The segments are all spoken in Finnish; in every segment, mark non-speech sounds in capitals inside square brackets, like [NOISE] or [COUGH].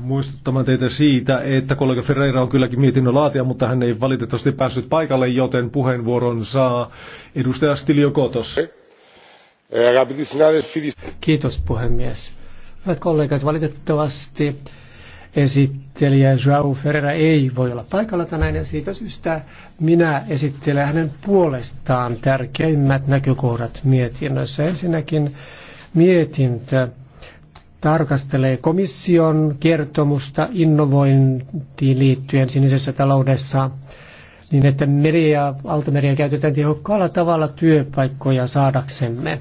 muistuttamaan teitä siitä, että kollega Ferreira on kylläkin mietinnön laatia, mutta hän ei valitettavasti päässyt paikalle, joten puheenvuoron saa edustaja Kotos. Kiitos puhemies. Hyvät kollegat, valitettavasti esittelijä Joao Ferreira ei voi olla paikalla tänään ja siitä syystä minä esittelen hänen puolestaan tärkeimmät näkökohdat mietinnössä. Ensinnäkin mietintö tarkastelee komission kertomusta innovointiin liittyen sinisessä taloudessa niin, että meriä, altameriä käytetään tehokkaalla tavalla työpaikkoja saadaksemme.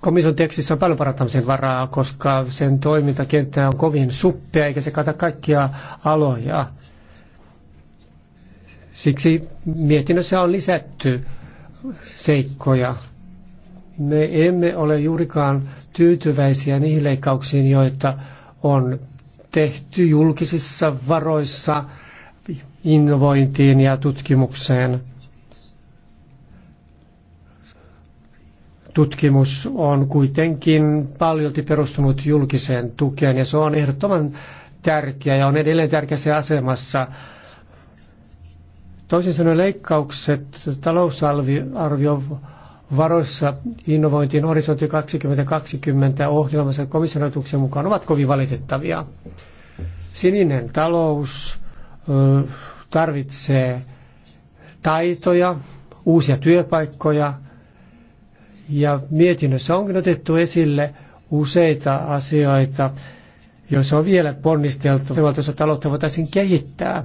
Komission tekstissä on paljon parantamisen varaa, koska sen toimintakenttä on kovin suppea eikä se kata kaikkia aloja. Siksi mietinnössä on lisätty seikkoja me emme ole juurikaan tyytyväisiä niihin leikkauksiin, joita on tehty julkisissa varoissa innovointiin ja tutkimukseen. Tutkimus on kuitenkin paljolti perustunut julkiseen tukeen ja se on ehdottoman tärkeä ja on edelleen tärkeässä asemassa. Toisin sanoen leikkaukset talousarvio varoissa innovointiin horisontti 2020 ohjelmassa komissionoituksen mukaan ovat kovin valitettavia. Sininen talous tarvitsee taitoja, uusia työpaikkoja ja mietinnössä onkin otettu esille useita asioita, joissa on vielä ponnisteltu. että taloutta voitaisiin kehittää.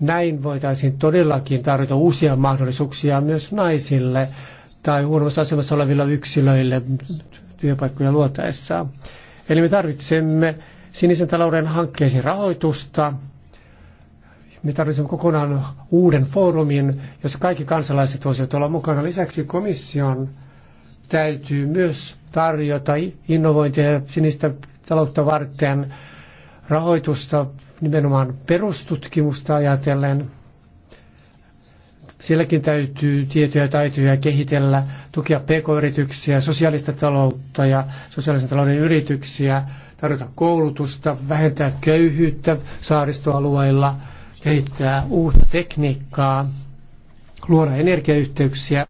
Näin voitaisiin todellakin tarjota uusia mahdollisuuksia myös naisille tai huonommassa asemassa olevilla yksilöille työpaikkoja luotaessa. Eli me tarvitsemme sinisen talouden hankkeisiin rahoitusta. Me tarvitsemme kokonaan uuden foorumin, jossa kaikki kansalaiset voisivat olla mukana. Lisäksi komission täytyy myös tarjota innovointia sinistä taloutta varten rahoitusta nimenomaan perustutkimusta ajatellen. Sielläkin täytyy tietoja ja taitoja kehitellä, tukea pk-yrityksiä, sosiaalista taloutta ja sosiaalisen talouden yrityksiä, tarjota koulutusta, vähentää köyhyyttä saaristoalueilla, kehittää uutta tekniikkaa, luoda energiayhteyksiä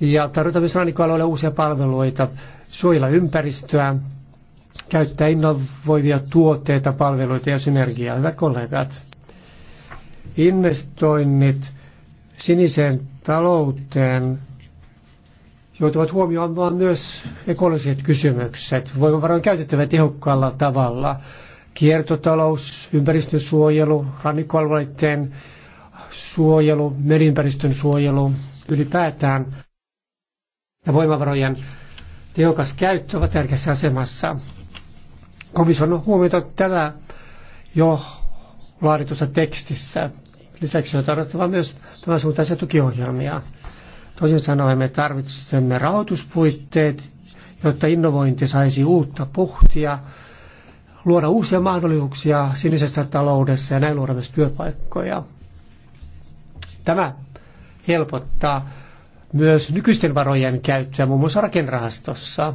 ja tarjota myös rannikkoalueille uusia palveluita, suojella ympäristöä, käyttää innovoivia tuotteita, palveluita ja synergiaa. Hyvät kollegat, investoinnit siniseen talouteen joutuvat huomioimaan myös ekologiset kysymykset. Voimavarojen käytettävä tehokkaalla tavalla. Kiertotalous, suojelu, rannikkoalueiden suojelu, meriympäristön suojelu, ylipäätään ja voimavarojen tehokas käyttö ovat tärkeässä asemassa komission huomiota tämä jo laaditussa tekstissä. Lisäksi on tarvittava myös tämän suuntaisia tukiohjelmia. Toisin sanoen me tarvitsemme rahoituspuitteet, jotta innovointi saisi uutta puhtia, luoda uusia mahdollisuuksia sinisessä taloudessa ja näin luoda myös työpaikkoja. Tämä helpottaa myös nykyisten varojen käyttöä muun muassa rakenrahastossa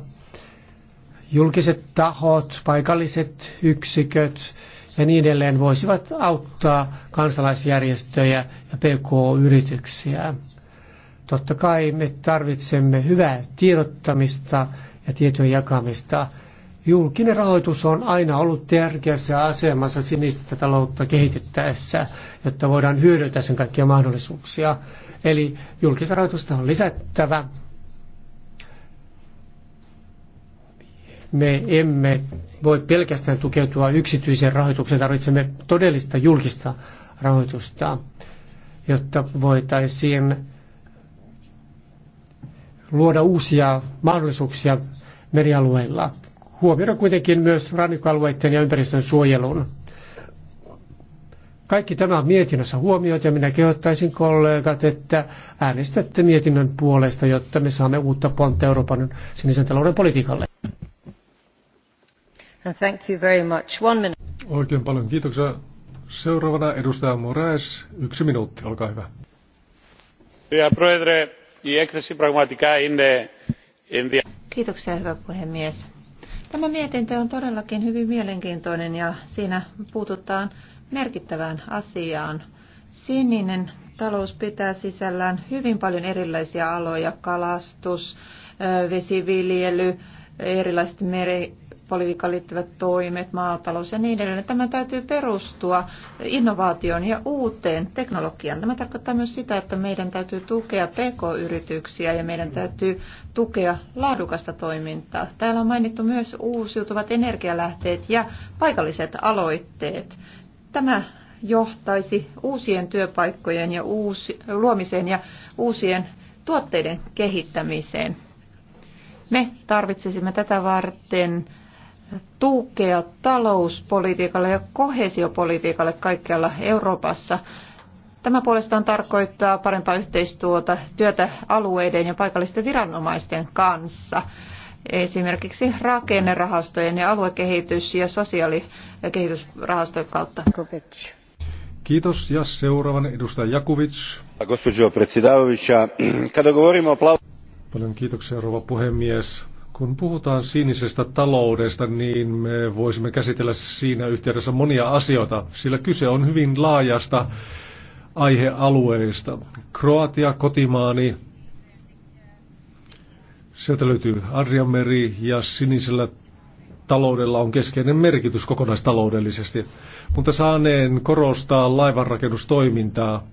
julkiset tahot, paikalliset yksiköt ja niin edelleen voisivat auttaa kansalaisjärjestöjä ja PK-yrityksiä. Totta kai me tarvitsemme hyvää tiedottamista ja tietojen jakamista. Julkinen rahoitus on aina ollut tärkeässä asemassa sinistä taloutta kehitettäessä, jotta voidaan hyödyntää sen kaikkia mahdollisuuksia. Eli julkista rahoitusta on lisättävä Me emme voi pelkästään tukeutua yksityisen rahoitukseen, tarvitsemme todellista julkista rahoitusta, jotta voitaisiin luoda uusia mahdollisuuksia merialueilla. Huomioida kuitenkin myös rannikkoalueiden ja ympäristön suojelun. Kaikki tämä on mietinnössä huomioitu ja minä kehottaisin kollegat, että äänestätte mietinnön puolesta, jotta me saamme uutta pontta Euroopan sinisen talouden politiikalle. And thank you very much. One minute. Oikein paljon kiitoksia. Seuraavana edustaja Moraes, yksi minuutti, olkaa hyvä. Kiitoksia, hyvä puhemies. Tämä mietintö on todellakin hyvin mielenkiintoinen ja siinä puututaan merkittävään asiaan. Sininen talous pitää sisällään hyvin paljon erilaisia aloja, kalastus, vesiviljely, erilaiset meri, politiikkaan liittyvät toimet, maatalous ja niin edelleen. Tämä täytyy perustua innovaatioon ja uuteen teknologiaan. Tämä tarkoittaa myös sitä, että meidän täytyy tukea pk-yrityksiä ja meidän täytyy tukea laadukasta toimintaa. Täällä on mainittu myös uusiutuvat energialähteet ja paikalliset aloitteet. Tämä johtaisi uusien työpaikkojen ja uusi, luomiseen ja uusien tuotteiden kehittämiseen. Me tarvitsisimme tätä varten tukea talouspolitiikalle ja kohesiopolitiikalle kaikkialla Euroopassa. Tämä puolestaan tarkoittaa parempaa yhteistyötä työtä alueiden ja paikallisten viranomaisten kanssa. Esimerkiksi rakennerahastojen ja aluekehitys- ja sosiaalikehitysrahastojen kautta. Kiitos ja seuraavan edustaja Jakovic. [CLEARS THROAT] Paljon kiitoksia rouva puhemies. Kun puhutaan sinisestä taloudesta, niin me voisimme käsitellä siinä yhteydessä monia asioita, sillä kyse on hyvin laajasta aihealueesta. Kroatia, kotimaani, sieltä löytyy Adrianmeri ja sinisellä taloudella on keskeinen merkitys kokonaistaloudellisesti. Mutta saaneen korostaa laivanrakennustoimintaa.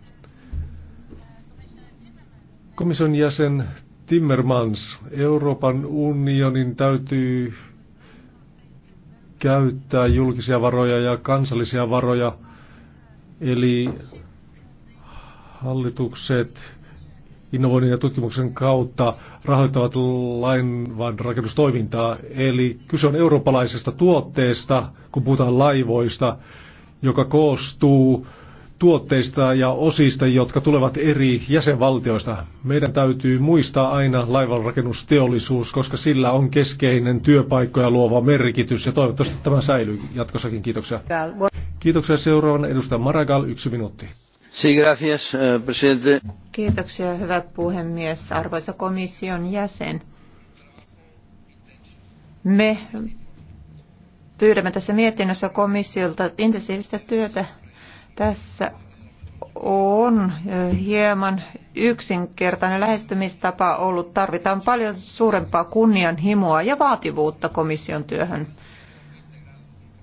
Komission jäsen Timmermans, Euroopan unionin täytyy käyttää julkisia varoja ja kansallisia varoja, eli hallitukset innovoinnin ja tutkimuksen kautta rahoittavat rakennustoimintaa. Eli kyse on eurooppalaisesta tuotteesta, kun puhutaan laivoista, joka koostuu tuotteista ja osista, jotka tulevat eri jäsenvaltioista. Meidän täytyy muistaa aina laivanrakennusteollisuus, koska sillä on keskeinen työpaikkoja luova merkitys ja toivottavasti tämä säilyy jatkossakin. Kiitoksia. Kiitoksia seuraavan edustaja Maragal, yksi minuutti. Eh, Kiitoksia, hyvä puhemies, arvoisa komission jäsen. Me pyydämme tässä mietinnössä komissiolta intensiivistä työtä tässä on hieman yksinkertainen lähestymistapa ollut. Tarvitaan paljon suurempaa kunnianhimoa ja vaativuutta komission työhön.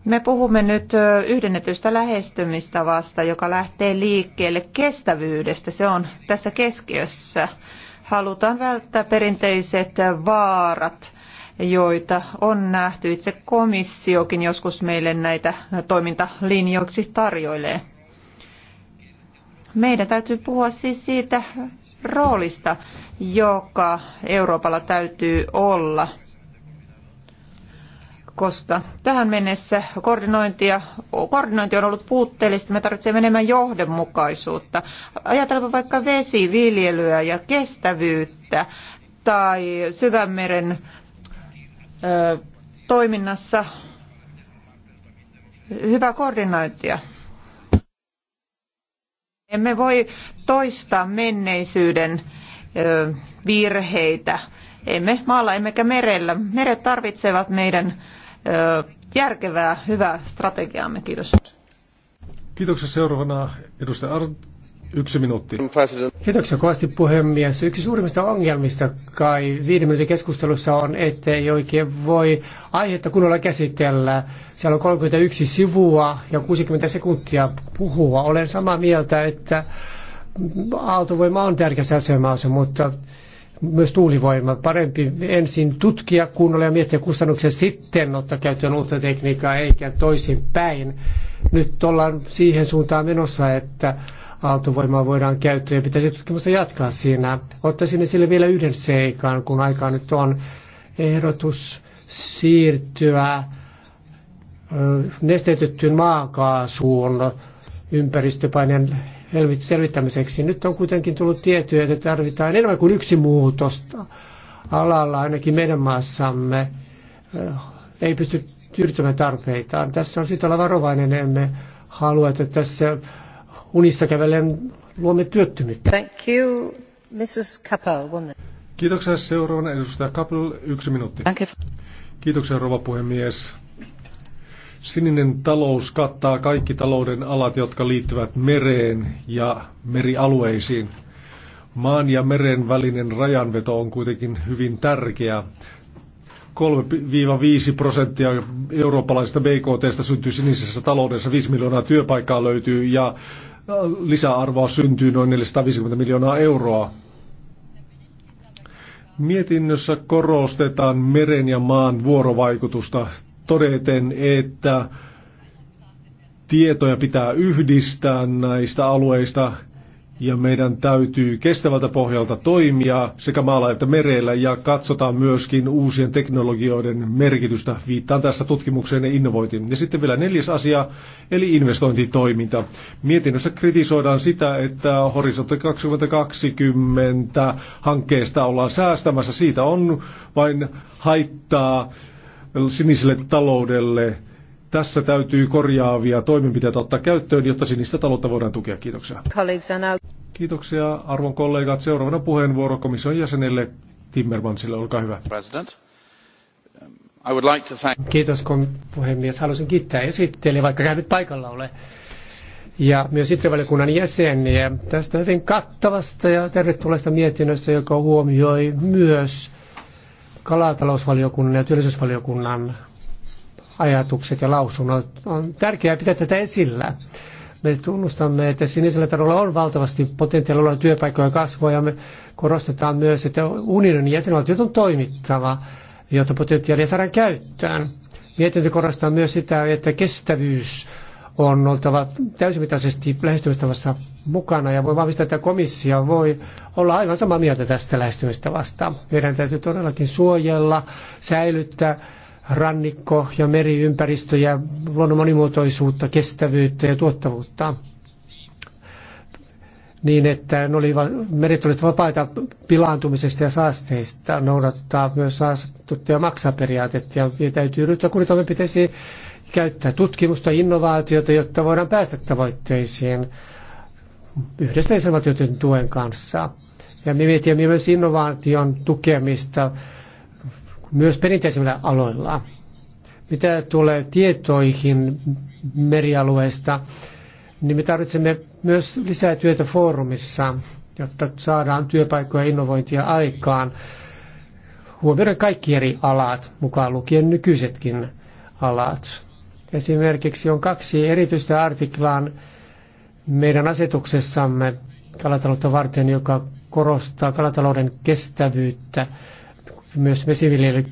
Me puhumme nyt yhdennetystä lähestymistavasta, joka lähtee liikkeelle kestävyydestä. Se on tässä keskiössä. Halutaan välttää perinteiset vaarat, joita on nähty. Itse komissiokin joskus meille näitä toimintalinjoiksi tarjoilee. Meidän täytyy puhua siis siitä roolista, joka Euroopalla täytyy olla, koska tähän mennessä koordinointia, koordinointi on ollut puutteellista. Me tarvitsemme enemmän johdonmukaisuutta. Ajatellaanpa vaikka vesiviljelyä ja kestävyyttä tai syvänmeren ö, toiminnassa hyvää koordinointia. Emme voi toistaa menneisyyden virheitä. Emme maalla emmekä merellä. Meret tarvitsevat meidän järkevää, hyvää strategiaamme. Kiitos. Kiitoksia seuraavana edustaja Ar- Yksi minuutti. Kiitoksia kovasti puhemies. Yksi suurimmista ongelmista kai viiden minuutin keskustelussa on, ettei oikein voi aihetta kunnolla käsitellä. Siellä on 31 sivua ja 60 sekuntia puhua. Olen samaa mieltä, että aaltovoima on tärkeässä asemassa, mutta myös tuulivoima. Parempi ensin tutkia kunnolla ja miettiä kustannuksia sitten ottaa käyttöön uutta tekniikkaa eikä toisin päin. Nyt ollaan siihen suuntaan menossa, että aaltovoimaa voidaan käyttää ja pitäisi tutkimusta jatkaa siinä. Ottaisin esille vielä yhden seikan, kun aikaa nyt on ehdotus siirtyä nesteytettyyn maakaasuun ympäristöpaineen selvittämiseksi. Nyt on kuitenkin tullut tietoja, että tarvitaan enemmän kuin yksi muutosta alalla, ainakin meidän maassamme. Ei pysty tyydyttämään tarpeitaan. Tässä on syytä olla varovainen, emme halua, että tässä unissa kävellen luomme työttömyyttä. Thank you, Mrs. Kappel, woman. Kiitoksia seuraavana edustaja Kappel, yksi minuutti. Thank you. Kiitoksia rouva puhemies. Sininen talous kattaa kaikki talouden alat, jotka liittyvät mereen ja merialueisiin. Maan ja meren välinen rajanveto on kuitenkin hyvin tärkeä. 3-5 prosenttia eurooppalaisista BKTstä syntyy sinisessä taloudessa, 5 miljoonaa työpaikkaa löytyy ja lisäarvoa syntyy noin 450 miljoonaa euroa. Mietinnössä korostetaan meren ja maan vuorovaikutusta todeten, että tietoja pitää yhdistää näistä alueista ja meidän täytyy kestävältä pohjalta toimia sekä maalla että merellä ja katsotaan myöskin uusien teknologioiden merkitystä. Viittaan tässä tutkimukseen ja innovointiin. Ja sitten vielä neljäs asia, eli investointitoiminta. Mietinnössä kritisoidaan sitä, että Horisontti 2020 hankkeesta ollaan säästämässä. Siitä on vain haittaa siniselle taloudelle – tässä täytyy korjaavia toimenpiteitä ottaa käyttöön, jotta sinistä taloutta voidaan tukea. Kiitoksia. Kiitoksia arvon kollegat. Seuraavana puheenvuoro komission jäsenelle Timmermansille. Olkaa hyvä. President. Um, I would like to thank... Kiitos kun puhemies. Haluaisin kiittää esittelijä, vaikka hän nyt paikalla ole. Ja myös sitten jäseniä tästä hyvin kattavasta ja tervetulleesta mietinnöstä, joka huomioi myös kalatalousvaliokunnan ja työllisyysvaliokunnan ajatukset ja lausunnot. On tärkeää pitää tätä esillä. Me tunnustamme, että sinisellä tarolla on valtavasti potentiaalilla työpaikkoja kasvua ja me korostetaan myös, että unionin jäsenvaltiot on toimittava, jotta potentiaalia saadaan käyttöön. Mietintö korostaa myös sitä, että kestävyys on oltava täysimittaisesti lähestymistavassa mukana ja voi vahvistaa, että komissio voi olla aivan samaa mieltä tästä lähestymistavasta. Meidän täytyy todellakin suojella, säilyttää rannikko- ja meriympäristöjä, luonnon monimuotoisuutta, kestävyyttä ja tuottavuutta. Niin, että ne olivat, meret olivat vapaita pilaantumisesta ja saasteista, noudattaa myös saastuttaja maksaa periaatetta ja täytyy ryhtyä kuritoimenpiteisiin käyttää tutkimusta, innovaatiota, jotta voidaan päästä tavoitteisiin yhdessä isänvaltioiden tuen kanssa. Ja me mietimme myös innovaation tukemista myös perinteisemmillä aloilla. Mitä tulee tietoihin merialueesta, niin me tarvitsemme myös lisää työtä foorumissa, jotta saadaan työpaikkoja ja innovointia aikaan. Huomioidaan kaikki eri alat, mukaan lukien nykyisetkin alat. Esimerkiksi on kaksi erityistä artiklaa meidän asetuksessamme kalataloutta varten, joka korostaa kalatalouden kestävyyttä myös vesiviljelijöitä.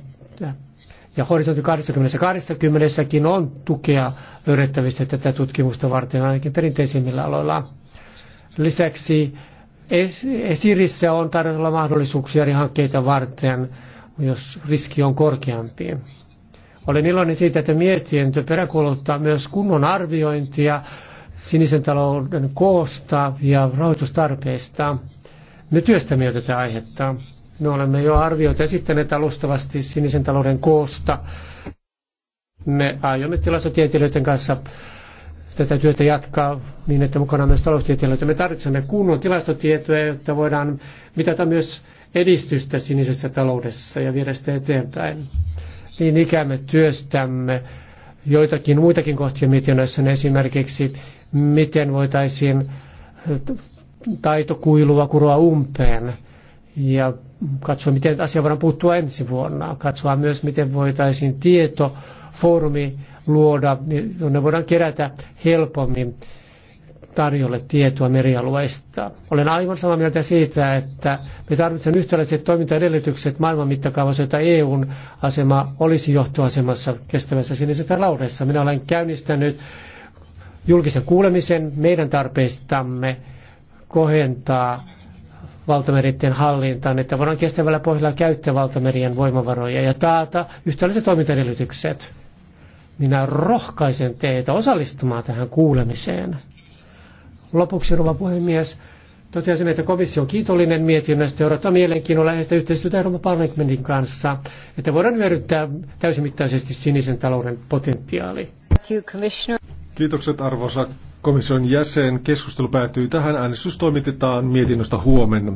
Ja horisontti 20-80kin on tukea löydettävissä tätä tutkimusta varten ainakin perinteisimmillä aloilla. Lisäksi Esirissä on tarjolla mahdollisuuksia eri hankkeita varten, jos riski on korkeampi. Olen iloinen siitä, että mietintö peräkuuluttaa myös kunnon arviointia sinisen talouden koosta ja rahoitustarpeista. Me työstämme jo tätä aihetta. Me olemme jo arvioita esittäneet alustavasti sinisen talouden koosta. Me aiomme tilastotieteilijöiden kanssa tätä työtä jatkaa niin, että mukana on myös taloustieteilijöitä. Me tarvitsemme kunnon tilastotietoja, jotta voidaan mitata myös edistystä sinisessä taloudessa ja viedä sitä eteenpäin. Niin ikämme työstämme joitakin muitakin kohtia mietinnössä, esimerkiksi miten voitaisiin taitokuilua kuroa umpeen ja katsoa, miten asia voidaan puuttua ensi vuonna. Katsoa myös, miten voitaisiin tietofoorumi luoda, jonne voidaan kerätä helpommin tarjolle tietoa merialueista. Olen aivan samaa mieltä siitä, että me tarvitsemme yhtäläiset toimintaedellytykset maailman mittakaavassa, jotta EUn asema olisi johtoasemassa kestävässä sinisessä laudessa. Minä olen käynnistänyt julkisen kuulemisen meidän tarpeistamme kohentaa valtameritten hallintaan, että voidaan kestävällä pohjalla käyttää valtamerien voimavaroja ja taata yhtäläiset toimintaedellytykset. Minä rohkaisen teitä osallistumaan tähän kuulemiseen. Lopuksi, rouva puhemies, toteaisin, että komissio on kiitollinen mietinnöstä ja odottaa mielenkiinnolla heistä yhteistyötä Euroopan parlamentin kanssa, että voidaan hyödyntää täysimittaisesti sinisen talouden potentiaali. Kiitokset arvoisa komission jäsen. Keskustelu päättyy tähän. Äänestys toimitetaan mietinnöstä huomenna.